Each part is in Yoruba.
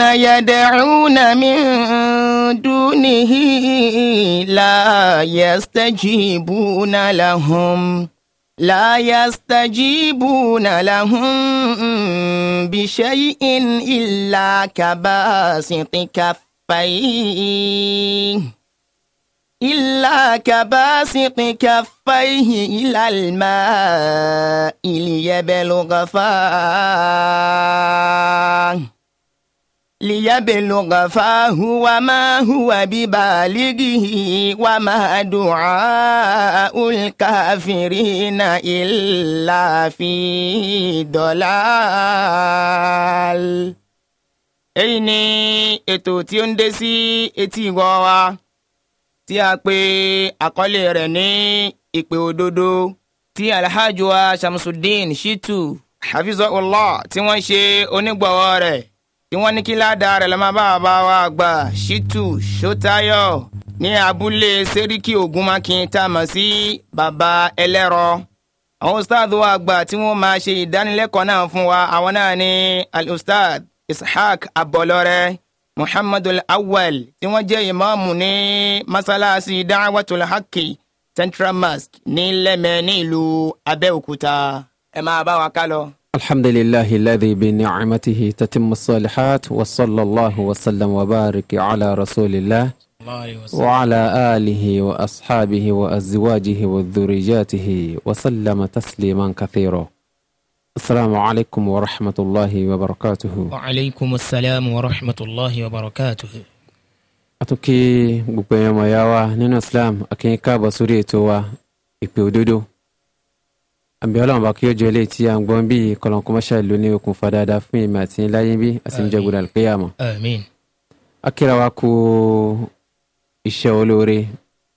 الذين يدعون من دونه لا يستجيبون لهم لا يستجيبون لهم بشيء إلا كباسط كفيه إلا كباسط كفيه إلى الماء ليبلغ فاه ليبلغ فهو ما هو ببالغه وما دعاء الكافرين إلا في ضلال èyí ni ètò tí ó ń dé sí etí ìwọ wa tí a pè àkọlé rẹ̀ ní ìpè òdodo tí alhaji wa Shamsuddin Shitu hafizahullah tí wọ́n ṣe onígbọ̀wọ́ rẹ̀ tí wọ́n ní kí ládàá rẹ̀ lọ́mọ bá bá wa àgbà ṣítù ṣótáyọ̀ ní abúlé sẹ́ríkì ògúnmákin tá a mọ̀ sí bàbá ẹlẹ́rọ. àwọn ustaad wa àgbà tí wọ́n máa ṣe ìdánilẹ́kọ̀ọ́ náà fún wa àwọn náà ní al-ustaad ishaq abọlọrẹ muhammadul awwal tí wọ́n jẹ́ ìmáàmù ní masalasi da'watul haqqi central mosque ní lẹ́mẹ̀ẹ́ ní ìlú abẹ́òkúta ẹ máa bá wa ká lọ. الحمد لله الذي بنعمته تتم الصالحات وصلى الله وسلم وبارك على رسول الله وعلى آله وأصحابه وأزواجه وذرياته وسلم تسليما كثيرا السلام عليكم ورحمة الله وبركاته وعليكم السلام ورحمة الله وبركاته أتوكي بقيا ما يوا اسلام أكيكا بسوريتوا إبيودودو àbí ọlọ́run bá kí ó jẹ ilé tí a ń gbọ́n bí kọlọ́nkọmọ́ṣà ìlú ní okùnfà dáadáa fún èmi àti ńláyé bí àti níjọ́gbọ̀dà àlùkíyàmọ̀. àmín. akíra wa kú iṣẹ́ olóore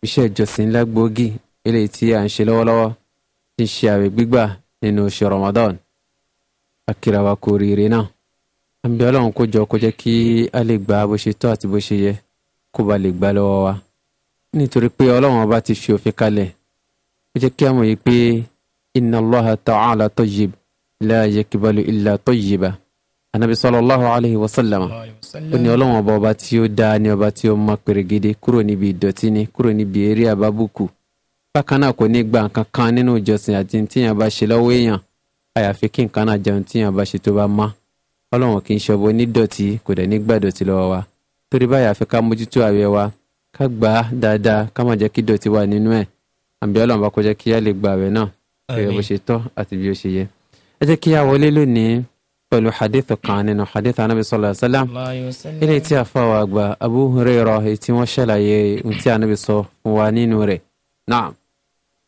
iṣẹ́ ìjọsìn ńlá gbòógì eléyìí tí a ń ṣe lọ́wọ́lọ́wọ́ tí ń ṣe àwẹ̀ gbígbà nínú oṣù Ramadan akíra wa kú oríire náà àbí ọlọ́run kó jọ kó jẹ́ kí a lè gba bó ṣe tọ́ àti bó ṣe yẹ kó ba lè gbà lọ́wọ́ wa nítorí pé ọlọ́run ọba ti fi òfin kalẹ̀ ó jẹ́ kí a mọ̀ yìí inna allah ta'ala tayyib la yakbalu illa tayyiba anabi sallallahu alayhi wa sallam ó ní ọlọ́wọ́n ọba ọba tí ó dáa ní ọba tí ó mọ pèrègede kúrò níbi ìdọ̀tí ni kúrò níbi eré àbábùkù bákan náà kò ní gba nǹkan kan nínú ìjọsìn àti tíyàn bá ṣe lọ́wọ́ èèyàn àyàfi kí nǹkan náà jẹun tíyàn bá ṣe tó bá má ọlọ́wọ́n kì í ṣọbọ onídọ̀tí kò dẹ̀ ní gbàdọ̀tí lọ́wọ́ wa torí báyà àfi ká mójútó àwẹ̀ wa ká gbà á dáadáa ká má jẹ́ kí dọ̀tí wà nínú ẹ̀ àbí ọlọ́run bá kó kí á lè gba àwẹ̀ náà gẹ́gẹ́ bó ṣe tọ́ àti bí ó ṣe yẹ. ẹ jẹ́ kí a wọlé lónìí pẹ̀lú hadith kan nínú hadith anabi sallallahu alayhi wa sallam ilé tí a fa wa gba abu hurairah tí wọ́n ṣàlàyé ohun tí anabi sọ fún wa nínú rẹ̀ náà.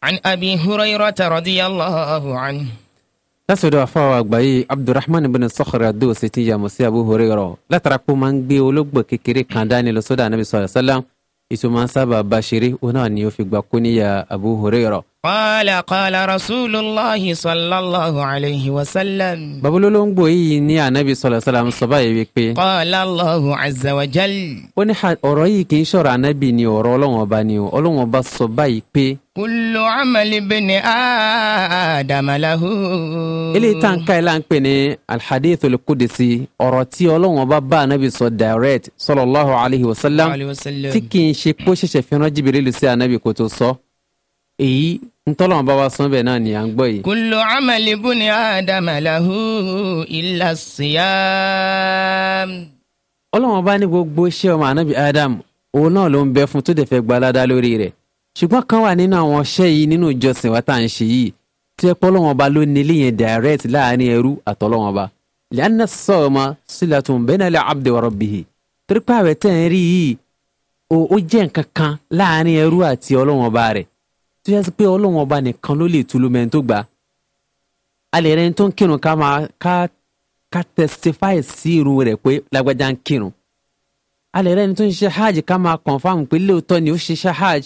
عن أبي هريرة رضي الله عنه lásìdò àfọwọ́ àgbáyé abdulrahman bin sọ́kòrò àdó ṣe ti yàmọ̀ sí abu hurairah látara pé ó máa ń gbé olóògbé kékeré kan dání lọ sódà anabi èso máa ń sábà bá ṣeré òun náà ni ó fi gba kóníyà Abu Hurairah. qala qala rasulullahi sallallahu alayhi wa sallam. babololóńgbò yìí ní anabi sọlọ sọlọm sọba yìí wípé. qala Allahu azza wa jal. ó ní ọ̀rọ̀ yìí kì í ṣọ̀rọ̀ anabi ni ọ̀rọ̀ Ọlọ́hun ni Ọlọ́hun Ọba sọ báyìí kullu amali bini adama lahu. eléyìí tá n ka ilá ń pè ní alhadithul qudsi ọ̀rọ̀ tí ọlọ́wọ́n bá bá anabi sọ direct sallallahu alayhi wa sallam tí kì í ṣe kó ṣẹ̀ṣẹ̀ fẹ́ràn Jibril sí anabi kò tó sọ èyí ntọ́lọ́wọ́n bá wa sọ bẹ́ẹ̀ náà ni ń gbọ́ yìí. kullu amali bini adama lahu siyam. ọlọ́wọ́n bá ní gbogbo iṣẹ́ ọmọ anabi adam òun náà ló ń bẹ fún tó dẹ̀ fẹ́ gbalada lórí rẹ̀ ṣùgbọ́n kan wà nínú àwọn ọṣẹ́ yìí nínú ìjọsìn wa tá à ń ṣe yìí tí ẹ pọ́ lọ́wọ́n ọba ló nílé yẹn direct láàrin ẹrú àtọ́lọ́wọ́n ọba lẹ́nà sọ̀ọ́mọ sílẹ̀tún bẹ́nàlẹ́ abdi wa rabbihi torípé àwẹ̀ tẹ̀ ń rí yìí ó jẹ́ nǹkan kan láàrin ẹrú àti ọlọ́wọ́n ọba rẹ̀ tó yẹ pé ọlọ́wọ́n ọba nìkan ló lè tulu mẹ́rin tó gbà alẹ́ rẹ̀ tó ń kírun ká máa ká ká testify sí irun rẹ̀ pé lágbájá ń kírun alẹ́ rẹ̀ tó ń ṣe hajj ká máa confam pé lóòótọ́ ni ó ṣiṣẹ́ hajj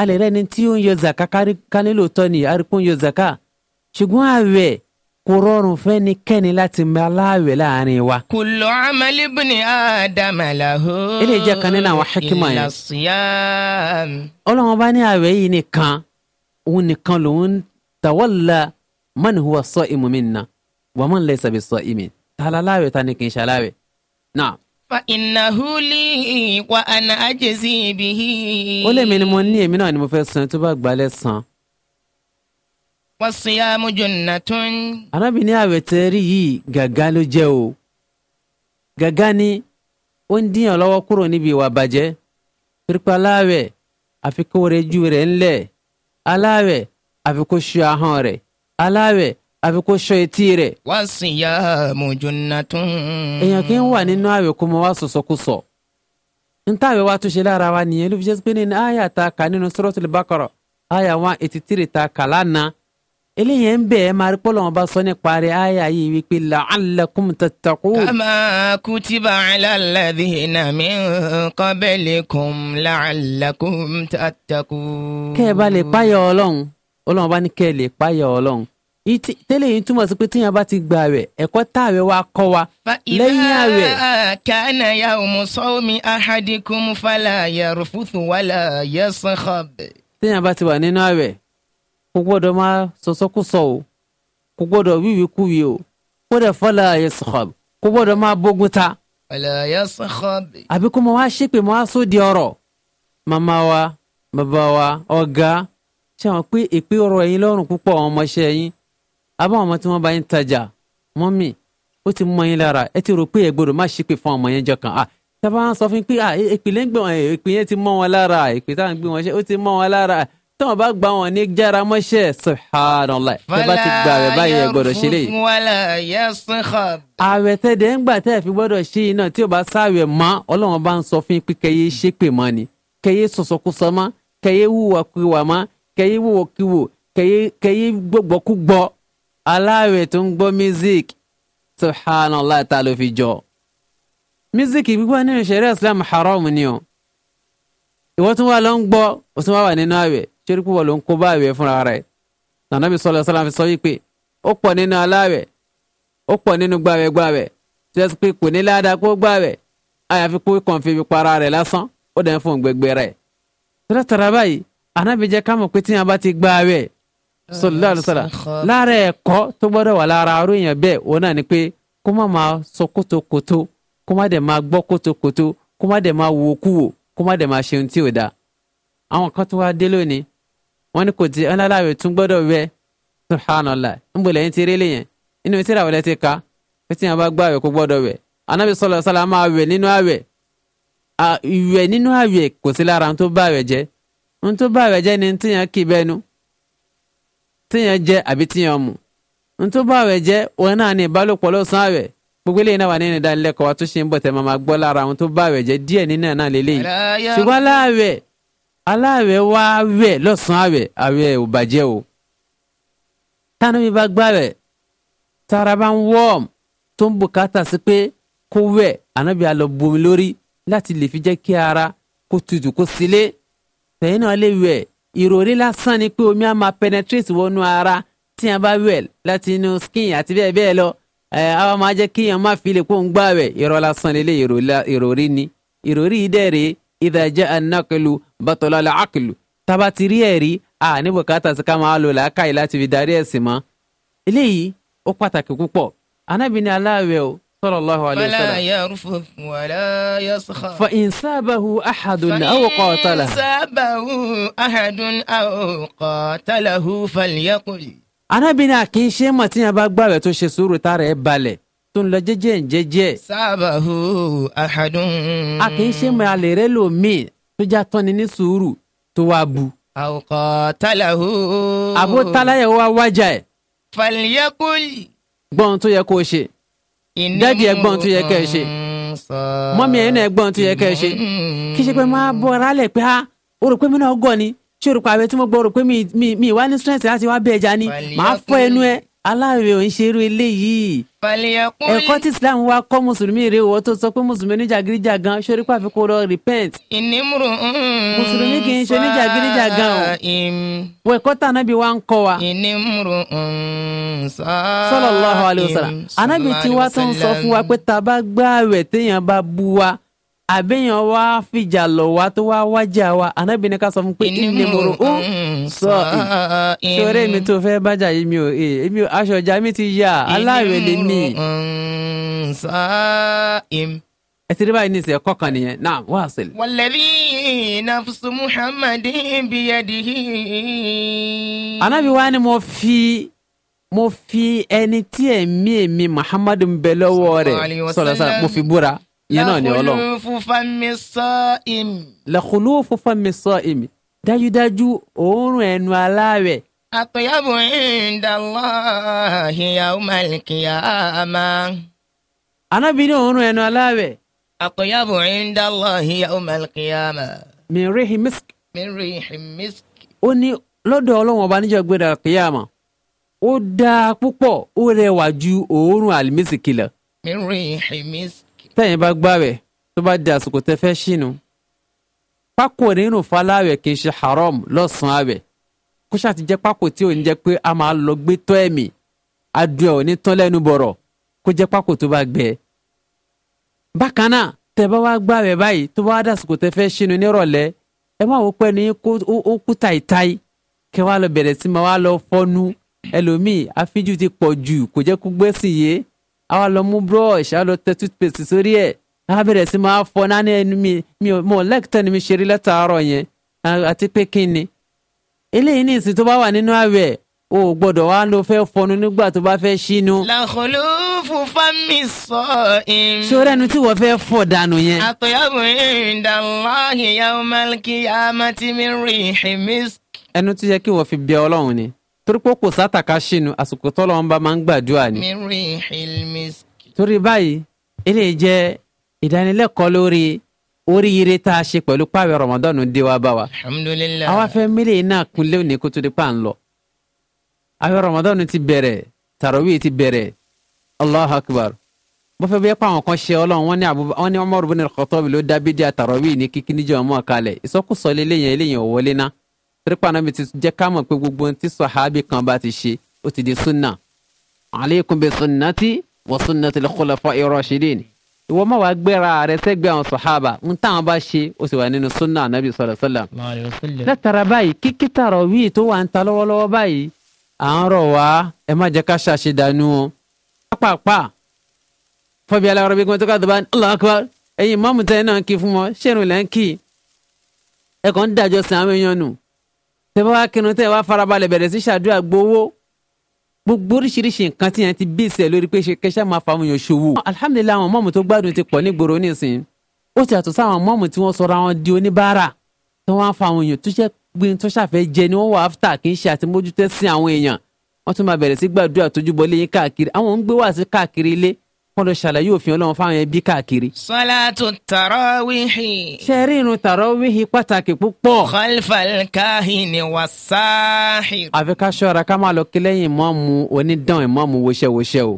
alẹ́ rẹ ni tí ó ń yọ zaka kání lóòótọ́ ni arikun yọ zaka ṣùgbọ́n àwẹ̀ kò rọrùn fẹ́nikẹ́ni láti mọ aláàwẹ̀ láàrin wa. kullu amali bni adama lahu. ilé ìjẹ́ kan nínú àwọn hikima yẹn. illa siyam. ọlọ́run bá ní àwẹ̀ yìí nìkan òun nìkan lòun tawalla man huwa sa'imu minna wa man laysa bi sa'imin tààlà láàwẹ̀ ta ni kì í ṣe ìnáhùlì wa àna àjèsí ibi. ó lè mi ni mo ní èmi náà ni mo fẹ́ san tó bá gbà lẹ́san. wọ́n sọ ya mojú nà tó ń. arábìnrin àwẹ̀ tẹ́ rí yìí gàgá ló jẹ́ o gàgá ni ó ń díyàn lọ́wọ́ kúrò níbi ìwà bàjẹ́ pírípa láàwẹ̀ àfikún rẹ̀ ju rẹ̀ ńlẹ̀ aláwẹ̀ àfikún ṣu ahọ́n rẹ̀ aláwẹ̀ àbí kó sọ etí rẹ̀. wá sí ya mojúna tún. èèyàn kì í wà nínú àwẹ̀ kó mọ wá sọ̀sọ̀kùsọ̀. n táwẹ̀ wá túnṣe lára wa nìyẹn ló fi jẹ́ pé ní àyà ta kà nínú Suratul Baqara àyà one eighty three ta kà lánàá. eléyìí ń bẹ̀ máa rí pọ́lọ́ bá sọ nípa rẹ̀ àyà yìí wípé la'allakum tattaqun. kama kutiba ala alladhina min qablikum la'allakum tattaqun. kẹ́ ẹ bá lè páyọ̀ ọlọ́run ọlọ́run bá ní kẹ́ lè páyọ̀ ọlọ́run tẹ́lẹ̀ yìí túmọ̀ sí pé tíyan bá ti gba rẹ̀ ẹ̀kọ́ tá rẹ̀ wá kọ́ wa lẹ́yìn rẹ̀. kana yawmu sawmi ahadikum fala yarfuthu wala yaskhab. tíyan bá ti wà nínú rẹ̀ kò gbọ́dọ̀ máa sọ̀sọ́kùsọ o kò gbọ́dọ̀ wíwíkúwí o kò dẹ̀ fala yaskhab kò gbọ́dọ̀ máa bógun ta. wala yaskhab. àbí kó mo wá wa bàbá wa ọ̀gá ṣe wọn pé èpè ọ̀rọ̀ ẹ̀yin lọ́rùn àbá àwọn ọmọ tí wọ́n bá yín tajà mọ́mì ó ti mọ yín lára ẹ ti rò pé ẹ gbọ́dọ̀ má ṣépè fún ọmọ yẹn jọ kan ah tábà ń sọ fún yín pé ah ìpìlẹ̀ ń gbé wọn ìpìlẹ̀ ti mọ wọn lára ìpìlẹ̀ táwọn ń gbé wọn ṣe ó ti mọ wọn lára tọ́wọ́n bá gba wọn ní jára mọ́ṣẹ́ subhanallah tẹ́ bá ti gbà rẹ̀ báyìí ẹ gbọ́dọ̀ ṣe léyìí. ààwẹ̀ tẹ́dẹ̀ ń gbà tẹ́ ẹ̀ fi gbọ́dọ̀ ṣe iná tí ó bá sáàwẹ̀ mọ́ ọlọ́wọ́n bá ń sọ fún yín pé kẹyẹ ṣépè mọ́ ni kẹyẹ sọ̀sọ̀kúsọ mọ́ kẹyẹ wúwàkiwà mọ́ kẹyẹ wúwọ̀kiwò kẹyẹ gbọ́gbọ́kúgbọ́ aláàwẹ̀ tó ń gbọ́ music subhanallah ta ló fi jọ music gbígbọ́ nínú ìṣẹ̀rẹ́ islam haram ni o ìwọ tún wà ló ń gbọ́ o tún wà wà nínú àwẹ̀ ṣé púpọ̀ ló ń kó bá àwẹ̀ fúnra rẹ̀ sọlọ sọlá fi sọ wípé ó pọ̀ nínú aláàwẹ̀ ó pọ̀ nínú gbàwẹ̀ gbàwẹ̀ tí wọ́n ti kò ní ládàá kó gbàwẹ̀ àyàfi kó kàn fi rẹ̀ lásán ó dẹ̀ fún gbẹgbẹ rẹ̀ báyìí pé sọlá àlùsọlá lára ẹ̀kọ́ tó gbọ́dọ̀ wà lára arú èèyàn bẹ́ẹ̀ òun náà ni pé kó má máa sọ kótókótó kó má dẹ̀ máa gbọ́ kótókótó kó má dẹ̀ máa wo kú wò kó má dẹ̀ máa ṣe ohun tí ò dáa àwọn kan tó wá dé lónìí wọ́n ní kò tí ọlọ́láwẹ̀ tún gbọ́dọ̀ wẹ subhanallah ń bọ̀ lẹ́yìn ti rí lè yẹn inú tí ìràwọ̀ lẹ́tí ka pé tí yẹn bá gbọ́ àwẹ̀ kó gbọ́dọ̀ wẹ̀ anábì sọlọ sọlá máa wẹ̀ nínú àwẹ̀ ìwẹ̀ nínú àwẹ̀ kò sí lára ohun tó bá àwẹ̀ jẹ́ ohun tó bá àwẹ̀ jẹ́ ni tí yẹn kì bẹ́nu téèyàn jẹ àbí téèyàn mu ntó bá àwẹ̀ jẹ́ òun náà ní ìbálòpọ̀ lọ́sàn-án àwẹ̀ gbogbo eléyìí náà wà nínú ìdánilẹ́kọ̀ọ́ wa tó ṣe ń bọ̀ tẹ́ máa máa gbọ́ lára àwọn tó bá àwẹ̀ jẹ́ díẹ̀ nínú ẹ̀ náà lélẹ́yìí ṣùgbọ́n aláàwẹ̀ aláàwẹ̀ wá wẹ̀ lọ́sàn-án àwẹ̀ ò bàjẹ́ o tánú mi bá gbàwẹ̀ tara bá ń wọ́ọ̀m tó ń bùkátà sí pé kó wẹ̀ ànábìá lọ bomi lórí láti lè fi jẹ́ kí ara kó tutù kó sílé tẹ̀yìn náà lè wẹ̀ ìròrí lásán ni pé omi á máa penetrate wọnú ara tí a bá wẹ̀ láti inú skin àti bẹ́ẹ̀ bẹ́ẹ̀ lọ a wá máa jẹ́ kíyàn má fi lè kó ń gbà wẹ̀ ìrọ̀ lásán lélẹ̀ ìròrí ni ìròrí yìí dẹ̀rẹ̀ ìdájẹ́ anákìlù bàtọ́lá làákìlù tába ti rí ẹ̀rí a ní bùkátà sí ká máa lò làákàyè láti fi darí ẹ̀sìn mọ́ eléyìí ó pàtàkì púpọ̀ anábìíní aláàwẹ̀ o صلى الله عليه وسلم فلا يرفث ولا يسخر فإن سابه أحد أو قاتله فإن سابه أحد أو قاتله فليقل arábìnrin àkínṣe mọ̀ tí yẹn bá gbààwẹ̀ tó ṣe sùúrù tá rẹ̀ balẹ̀ tó ń lọ jẹ́jẹ́ jẹ́jẹ́. sábàhù àhàdùn. àkínṣe mọ̀ àlè rẹ̀ lòmíì tó já tọ́ni ní sùúrù tó wá bu. àwòkọ́ tálàhù. àbótálá yẹn wá wájà ẹ̀. fàlìyẹ́kùlì. gbọ́n tó yẹ kó ṣe. dáàdi ẹ̀gbọ́n tó yẹ kẹ́ ẹ ṣe mọ́mí ẹ̀yin náà ẹ̀gbọ́n tó yẹ kẹ́ ẹ ṣe kí ṣe pé máa bọ̀ ọ̀rá lẹ̀ pé á o rò pé mi náà ni ṣé o rò pé tí mo gbọ́ rò mi ìwá ní strength láti wá ẹja ni màá fọ́ ẹnu ẹ aláàrẹ ò ń ṣerú eléyìí. ẹ̀kọ́ tí islam wá kọ́ mùsùlùmí rè wọ́n tó sọ pé mùsùlùmí oníjàgídíjàgan ṣorí pàfi kó lọ repent. ìnímùrù ń mm. fa mùsùlùmí kì í ṣe oníjàgídíjàgan o. wọ ẹ̀kọ́ tá anábì wa ń kọ́ wa. ìnímùrù ń mm. fa sallallahu alaihi wasallam anábì tí wàá tó ń sọ fún wa pé tá a bá gbààwẹ̀ téèyàn bá bú wa àbẹ̀yàn wa fìjà lọ̀ wá tó wá wájà wa ànábì ní sọ fún pé ìní ó sọ ṣoré mi tó fẹ́ bájà yìí mi ò eh, èmi aṣọ ọjà mi ti yà aláìwẹ̀ lè ní. ẹ ní ìsìn ẹ̀kọ́ kan nìyẹn náà wá sílẹ̀. wàlẹ́bí nafsu muhammad biyadihi. ànábì wa ni mo fi mo fi ẹni tí ẹ̀mí mi muhammadu ń bẹ lọ́wọ́ rẹ̀ sọ̀rọ̀ sọ̀rọ̀ mo fi búra yẹn náà ni ọlọ́run. lẹ́kùlùfù fami sọ èmi dájúdájú òórùn ẹnu aláàwẹ̀. àtọ̀yàbò indallahi yawmal qiyamah. anábìíní òórùn ẹnu aláàwẹ̀. àtọ̀yàbò indallahi yawmal qiyamah. min rihi misk. min rihi misk. ó ní lọ́dọ̀ ọlọ́run ọba níjọ́ gbéra kìyàmà ó dáa púpọ̀ ó rẹwà ju òórùn àlìmísìkì lọ. min rihi misk tẹ́yìn bá gbààwẹ̀ tó bá di àsìkò tẹ́ fẹ́ ṣìnú pákó rírùn kì í ṣe haram lọ́sàn-án àwẹ̀ kó ṣáà ti jẹ́ tí ò ní jẹ́ pé a máa lọ gbé tọ́ ẹ̀mí adùn ẹ̀ ò ní tán lẹ́nu bọ̀rọ̀ kó jẹ́ pákó tó bá gbẹ. bákan náà bá wá báyìí tó bá dàsìkò tẹ́ fẹ́ ṣìnú àwa lọ mú brush àwa lọ tẹ toothpaste sórí ẹ̀ àwa bẹ̀rẹ̀ sí máa fọ náà ní ẹnu mi mi ò mọ̀ lẹ́kítẹ́ ni mi ṣe rí látàárọ̀ yẹn àti pé kí ni eléyìí ní ìsìn tó bá wà nínú àwẹ̀ o gbọ́dọ̀ wá ló fẹ́ fọnu nígbà tó bá fẹ́ ṣínú. làkòló fún fámi sọ ìn. sórí ẹnu tí wọ́n fẹ́ fọ̀ dànù yẹn. àtọ̀yàwó ìdàlọ́hìn yawmal qiyamati min rihimisk. ẹnu tó yẹ kí wọ́n fi bẹ ọlọ́run ni torí pé kò sátàkà ṣìnú àsìkò tọ́lọ́ ń bá máa ń gbàdúrà ni. torí báyìí eléyìí jẹ́ ìdánilẹ́kọ̀ọ́ lórí oríire tá a ṣe pẹ̀lú pààwẹ̀ rọ̀mọ́dọ́nù dé wa bá wa. alhamdulillah. àwa fẹ́ mílíọ̀nù náà kúnlẹ̀ òní kó tó di pa ń lọ. àwẹ̀ rọ̀mọ́dọ́nù ti bẹ̀rẹ̀ tàràwí ti bẹ̀rẹ̀ allah akbar. bó fẹ́ bẹ́ẹ̀ pa àwọn kan ṣe ọlọ́run wọn ní àbúrò wọn ní Umar ibn al-Khattab ló dá bídíà tàràwí ní kíkí níjọ́ ọmọ kalẹ̀ ìsọkúsọ torípa náà mi ti jẹ́ ká mọ̀ pé gbogbo ohun tí sọ̀hábì kan bá ti ṣe ó ti di súnà alaykum bi sunnati wa sunnati al-khulafa'i rashidin ìwọ má wàá gbéra rẹ sẹ́gbẹ́ àwọn sọ̀hábà ń táwọn bá ṣe ó sì wà nínú súnà anabi sallallahu alaihi wasallam látara báyìí kíkí tààrọ̀ wíì tó wà ń ta lọ́wọ́lọ́wọ́ báyìí à ń rọ̀ wá ẹ má jẹ́ ká ṣàṣedànù o pápápá fọbi aláwọ̀rọ̀ bí gbọ́ntọ́ ká dọ̀bá Allahu akbar ẹ̀yin mọ́mùtẹ́ náà kí fún wọn ṣẹ́rùn lẹ́ńkì ẹ̀kọ́ ń dàjọ́ sí àwọn èèyàn nù tẹ́ bá wá kinu tẹ́ wá farabalẹ̀ bẹ̀rẹ̀ sí ṣàdúrà gbowó gbogbo oríṣiríṣi nǹkan tí yẹn ti bí ìsẹ̀ lórí pé ṣe kẹ́sà máa fa àwọn èèyàn ṣòwò. alhamdulilayi àwọn mọ́ọ̀mù tó gbádùn ti pọ̀ nígboro nísìnyí ó ti yàtọ̀ sáwọn mọ́ọ̀mù tí wọ́n sọra wọn di oníbàárà tí wọ́n á fa èèyàn tó ṣe gbé tó ṣàfẹ́ jẹ ni wọ́n wà áfítà kì í ṣe àtìmójútẹ́sìn àwọn èèyàn wọ́n tún máa bẹ̀rẹ̀ sí gbàdúrà tójúbọ lẹ́yìn káàkiri àwọn ń gbé wàásù káàkiri ilé kọ́ńdọ̀ ṣàlàyé òfin ọlọ́run fáwọn ẹbí káàkiri. sọ́látù tàrọ́wìhì. ṣẹ́rí irun tàrọ́wìhì pàtàkì púpọ̀. khalfal kahini wa sahir. àfi ká ṣọ́ra ká máa lọ kí lẹ́yìn ìmọ̀ọ́mù onídàn ìmọ̀ọ́mù wọṣẹ́wọṣẹ́ o.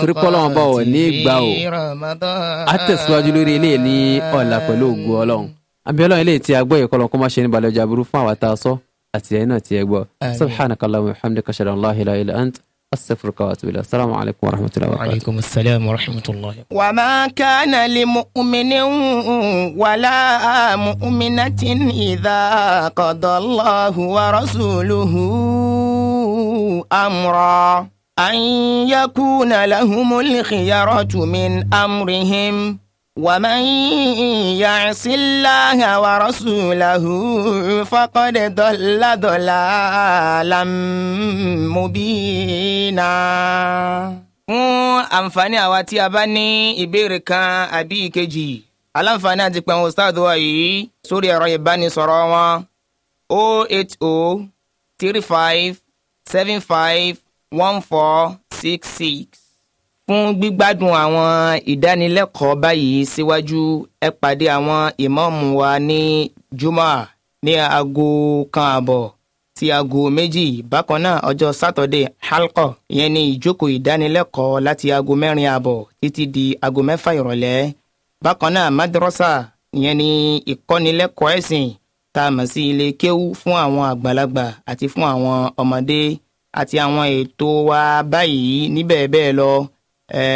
torí pọ́lọ́wọ́n bá wọ̀ ní ìgbà o. a tẹ̀síwájú lórí ilé ní ọ̀la pẹ̀lú ògùn ọlọ́run. àbí ọlọ́run ilé ti الصفر كاتب السلام عليكم ورحمة الله وبركاته وعليكم السلام ورحمة الله وما كان لمؤمن ولا مؤمنة إذا قضى الله ورسوله أمرا أن يكون لهم الخيرة من أمرهم ومن يعص الله ورسوله فقد ضل ضلالا مبينا. fún àǹfààní àwa tí a bá ní ìbéèrè kan àbí ìkejì aláǹfààní àti pẹ̀lú ustaadu wa yìí sórí ẹ̀rọ ìbánisọ̀rọ̀ wọn o oh eight o oh three fún gbígbádùn àwọn ìdánilẹ́kọ̀ọ́ báyìí síwájú ẹ pàdé àwọn ìmáàmù wa ní juma ní aago kan àbọ̀ sí aago méjì bákan náà ọjọ́ sátọ̀dé halkọ ìyẹn ní ìjókòó ìdánilẹ́kọ̀ọ́ láti aago mẹ́rin àbọ̀ títí di aago mẹ́fà ìrọ̀lẹ́ bákan náà madrasa ìyẹn ní ìkọ́nilẹ́kọ̀ọ́ ẹ̀sìn tá a mọ̀ sí ilé kéwú fún àwọn àgbàlagbà àti fún àwọn ọmọdé àti àwọn ètò wa báyìí ní bẹ́ẹ̀ lọ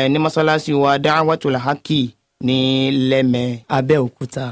Ni masalasi wa Da'watul Haqi ní lẹ́mẹ̀ẹ́ Abẹ́òkúta.